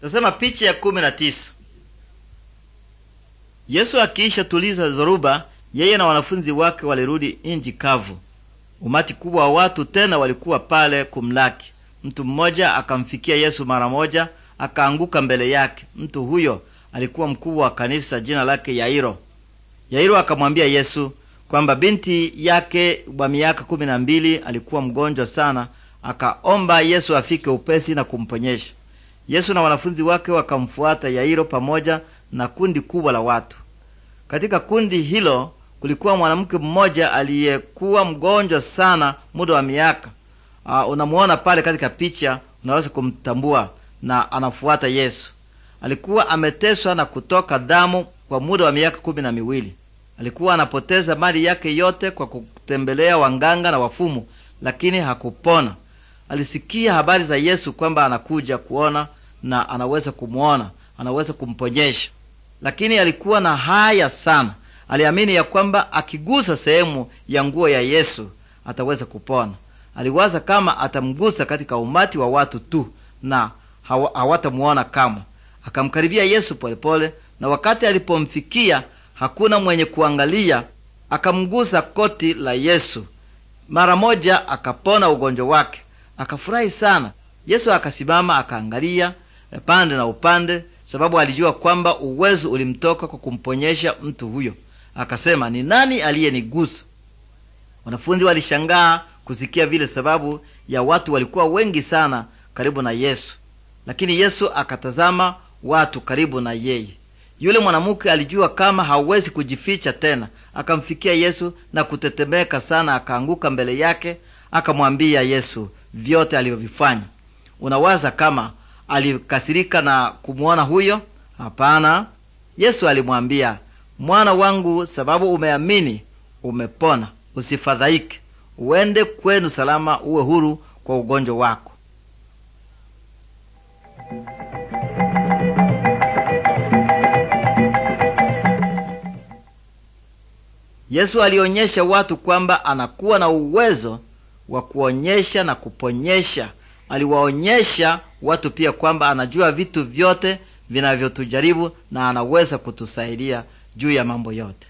Tazama picha ya kumi na tisa. Yesu akiisha tuliza zoruba, yeye na wanafunzi wake walirudi inji kavu. Umati kubwa wa watu tena walikuwa pale kumlaki. Mtu mmoja akamfikia Yesu mara moja, akaanguka mbele yake. Mtu huyo alikuwa mkuu wa kanisa, jina lake Yairo. Yairo akamwambia Yesu kwamba binti yake wa miaka kumi na mbili alikuwa mgonjwa sana, akaomba Yesu afike upesi na kumponyesha. Yesu na wanafunzi wake wakamfuata Yairo pamoja na kundi kubwa la watu. Katika kundi hilo kulikuwa mwanamke mmoja aliyekuwa mgonjwa sana muda wa miaka. Uh, unamuona pale katika picha, unaweza kumtambua na anafuata Yesu. Alikuwa ameteswa na kutoka damu kwa muda wa miaka kumi na miwili. Alikuwa anapoteza mali yake yote kwa kutembelea wanganga na wafumu, lakini hakupona. Alisikia habari za Yesu kwamba anakuja kuona na anaweza kumwona, anaweza kumponyesha. Lakini alikuwa na haya sana, aliamini ya kwamba akigusa sehemu ya nguo ya Yesu ataweza kupona. Aliwaza kama atamgusa katika umati wa watu tu na hawatamuona kamwe. Akamkaribia Yesu polepole pole, na wakati alipomfikia hakuna mwenye kuangalia, akamgusa koti la Yesu. Mara moja akapona ugonjwa wake, akafurahi sana. Yesu akasimama akaangalia, pande na upande, sababu alijua kwamba uwezo ulimtoka kwa kumponyesha mtu huyo. Akasema, ni nani aliyenigusa? Wanafunzi walishangaa kusikia vile, sababu ya watu walikuwa wengi sana karibu na Yesu. Lakini Yesu akatazama watu karibu na yeye. Yule mwanamke alijua kama hawezi kujificha tena, akamfikia Yesu na kutetemeka sana, akaanguka mbele yake, akamwambia Yesu vyote alivyovifanya. Unawaza kama alikasirika na kumuona huyo? Hapana. Yesu alimwambia, mwana wangu, sababu umeamini umepona, usifadhaike, uende kwenu salama, uwe huru kwa ugonjwa wako. Yesu alionyesha watu kwamba anakuwa na uwezo wa kuonyesha na kuponyesha aliwaonyesha watu pia kwamba anajua vitu vyote vinavyotujaribu na anaweza kutusaidia juu ya mambo yote.